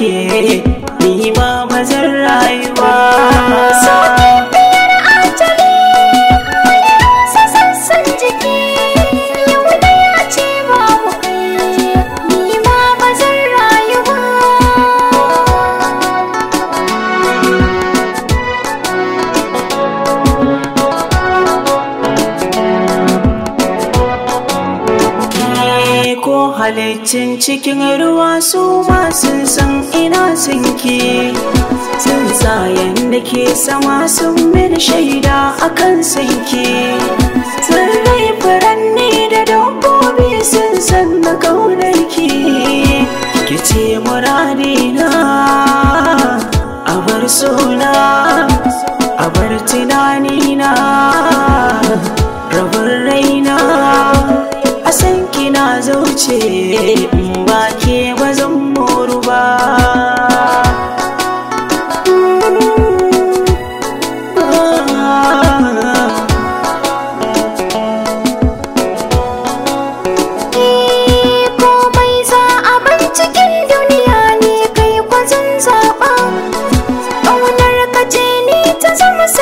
ke ni ma bazar rayuwa ko halittin cikin ruwa su ma sun san ina sinki tsuntsayen da ke sama sun mini shaida a kan akan Sun tsirrai furanni da dabbobi sun san na kaunarki kice muradina a bar suna Sometimes I'm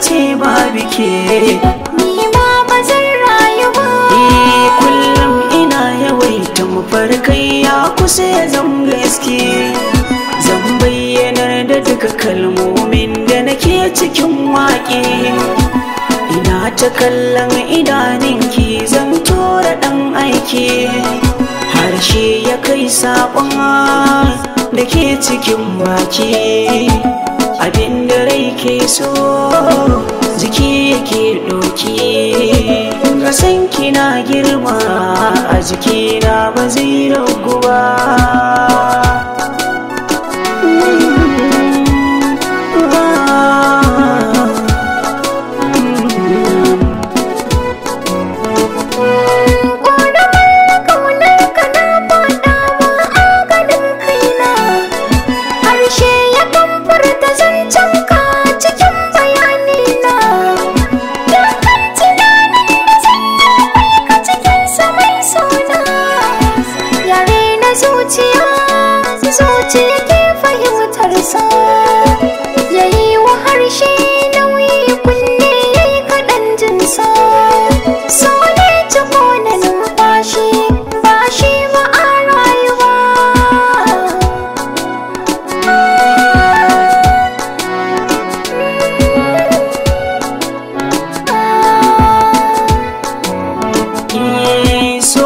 ce ba bike ni ma ba rayuwa. E, rayu kullum ina yawaita farkai ya kusa ya zan gaske zan bayyanar da duka kalmomin da nake cikin waƙe ina ta kallon idaninki zan tura ɗan aiki harshe ya kai saƙon da ke cikin wake ke so jiki ke doki san kina girma a jikina ba zai ba zuciya zuciya ke fahimtar sa yayi wa harshe nauyi kunne yayi kaɗan jinsa so ne ciko na numfashi ba ba a rayuwa mm, So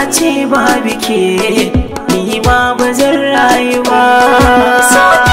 a ce ba bike ni ma ba zan ba